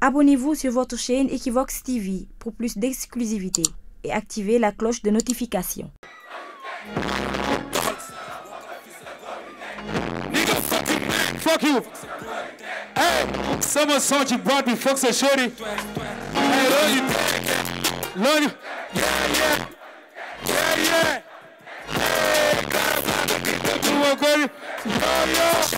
Abonnez-vous sur votre chaîne Equivox TV pour plus d'exclusivité et activez la cloche de notification. Fuck you. Hey, summer soldier brought me fucks a shorty. Hey, love you. Love you. Yeah, yeah. Yeah, yeah. Hey, gotta find the people who are going. Yo, yo.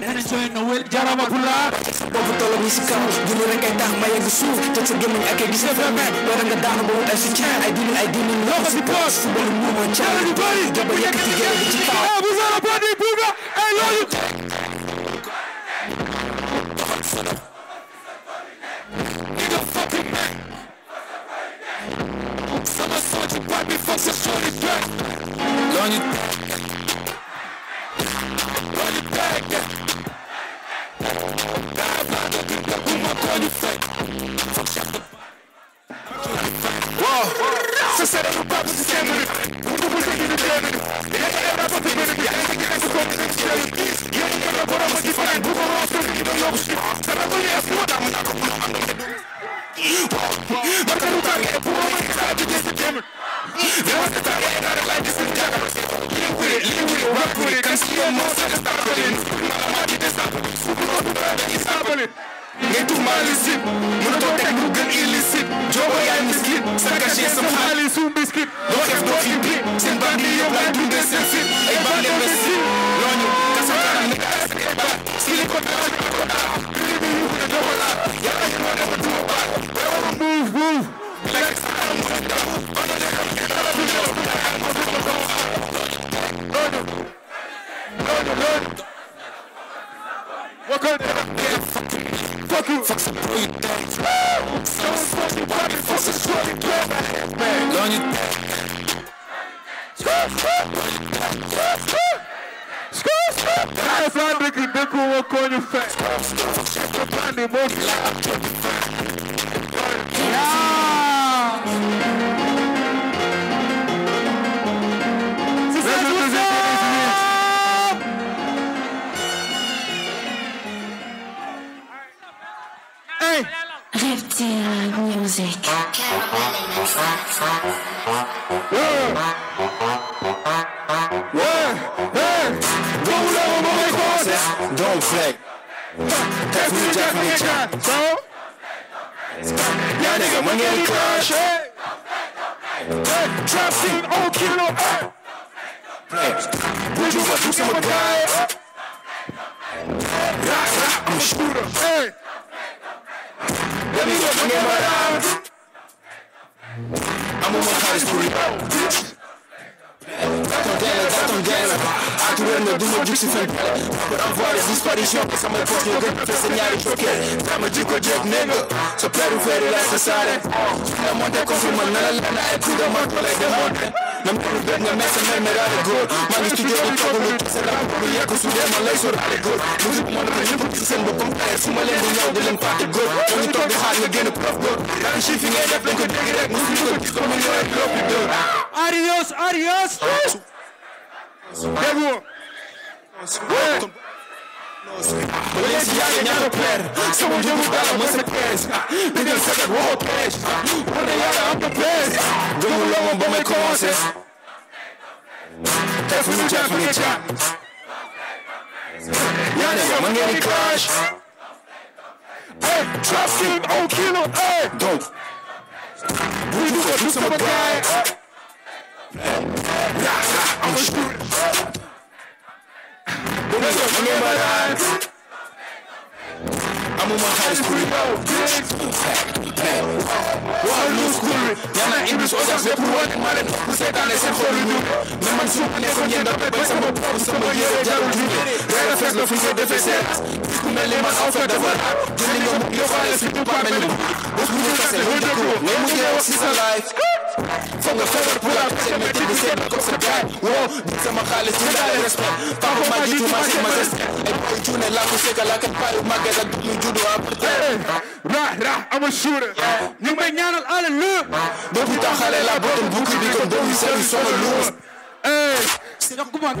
nee na sooy Noël jaramatulaa boobu toll bi si kaw dund rek ay tax ma yegg suuf teg sa gémmiñ ak ay gis nga fermé loolu nga daanu ba wut ay soutien ay dini ay dini loxo si poos su bëri mu ma caa di bëri jaba yëkkati gerte bi ci kaw bu sara bandi buuga ay loolu Don't you Come on. invalide ngay tuumaal licite mënatoo teg lu gën illicite jooba yaay miskit sa cachet sa xaalisu miskit doo def doo fi bi seen baat yi yow laay dundee seen fit ay baat leen ba si looñu kasakaan ne baat si li ko daa ko daa li bi yu ne doo ko laal yàlla yi moo nekk duma baat dawaru muuf muuf lekk sa xaram mu daw ba nga lekkam ci dara bu ñëw bu ñëw looñu looñu looñu Welcome to the Fuck you. Fuck some pretty things. Some fucking party for some sweaty girl. Man, learn your Fly, make it, they could walk on your face. Fly, make it, they could walk on your face. music. Yeah. Yeah. Hey. Roll over my bosses. Don't play. That's me, Jack, me, Jack. Don't. Yeah, nigga, when you crash. Hey. Trap scene, all kilo. Hey. Would you want to see my guy? Rock, rock, I'm a shooter. Hey. Money up in my hands. I'm on my highest for real, bitch. Gatom dele, gatom dele Aturelme dumo gjyksi felpele Për avare zis pari shokë Sa me posh një gërë për senjari qoke Tra me gjyko gjep nigë Që peru feri la sesare Shpina monte konfirma në lëna E kuda marko lejde monte na melu bedne mese ne merale góor maa ngi studio bu toog lu tase rap lu yàgg su dee ma lay sóoraale góor musique moo nekk ñëpp ci seen bopp compère fu ma leen di ñëw di leen fàtte góor dañu toog di xaar nga génn prof góor ran chi fi ngay def dañ ko dégg rek musu ko gis comme ñoo rek loppi dóor arios arios dégg Léegi yaa ngi ñaata peer sama njëgu dara ma sa pees digal sagat waxoo pees wane yàlla am na pees gëmul la woon ba may commencé def lu jàpp nga jàpp yaa ngi ma ngeen di clash hey traffic on kilo hey donc buy dugal du sama gaay yaa am I'm on my high school waa lu school yana English oja se seetaane seen xol ñu ne man su ma nekkoon yéen dafay ba sama bopp sama yére jarul ñu day rafet la fu ñu defee seen bis ku mel ni aw fa dafa raat dina ñëw mu yóbbaale si tubaab mel ni bés bu ñu kase lu dëkku ngay mujjee wax si sa life fa nga feebar pour ak seen métier di seen ko sa gaay woo di sama xaalis ñu daal respect papa ma jiitu ma sama respect ay boy juune laa ko segal ak paay màgget ak ñu juddu am rah rah amul suure ñu may ñaanal ala lu depuis temps xale la botum bukki di ko doomi seen solo lu eh c'est donc comment eh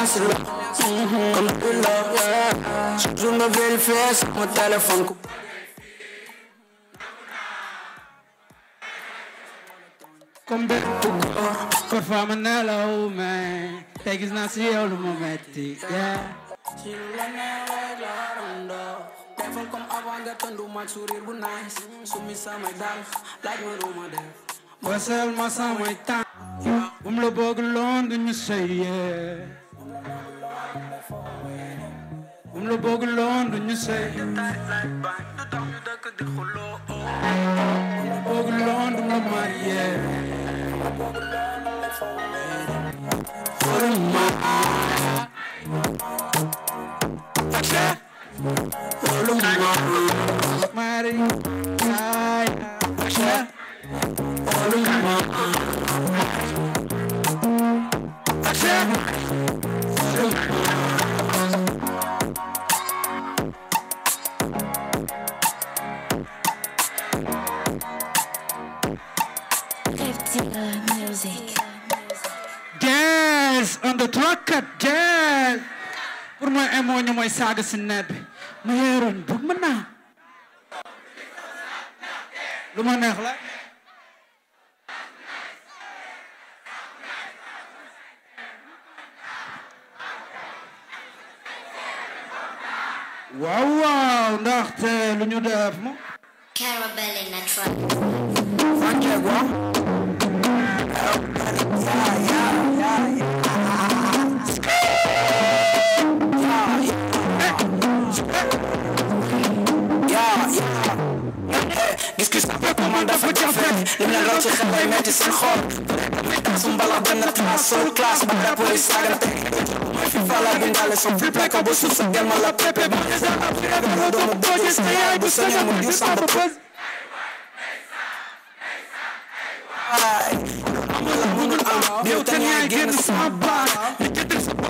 merci beaucoup. nga vérifier sama téléphone. comme bépp góor. kon fa ma nelaw mais tey gis naa si yow lu mu metti. ci la neex la defal comme avant nga tëndu ma sourire bu nice. sumi samay dal laaj ma lu ma def. wasal ma samay temps. bu mu la bëgg loon du ñu sëyee. umlo bogu londu nyuse ne mooy saaga si naaj bi mu yeeroon bug mën naa lu ma neex la waaw waaw ndaxte lu ñu def mo daf ko jox benn li mu leen rocc xel day metti seen xol sum balax benn trace sol classe ba da police saga teg mooy fi fala bi ndaale son flip like a bu suuf sa gel ma la pepe ba doo doomu doo gis sa yaay bu sa ñamu diw sa ba pël amul amul am yow te ñaay génn sama baax li jëndal sa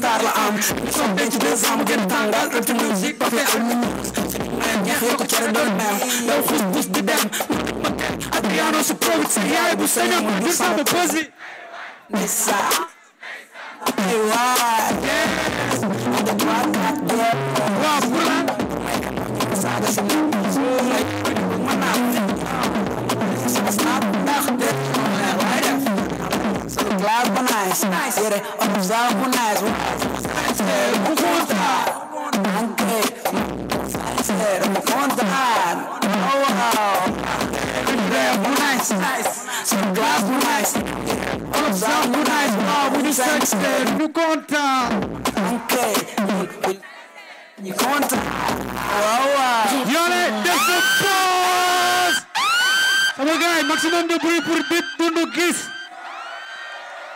star la am soo denc deux ans mu gën tàngal rëpp musique ba fee am mayam ñeex yokk cere doon neex daw xus bus di dem Adriano su produit sa yaay bu sañoon mu gis sama pose bi Nissa Nissa Nissa Nissa Observe nice, nice, yeah, observe nice, nice, nice, so glass nice, observe nice, wow, we sex it, you content, okay, you content, wow, y'all, that's the boss! Sama gars, maximum de bruit pour Bip Bundu Kiss.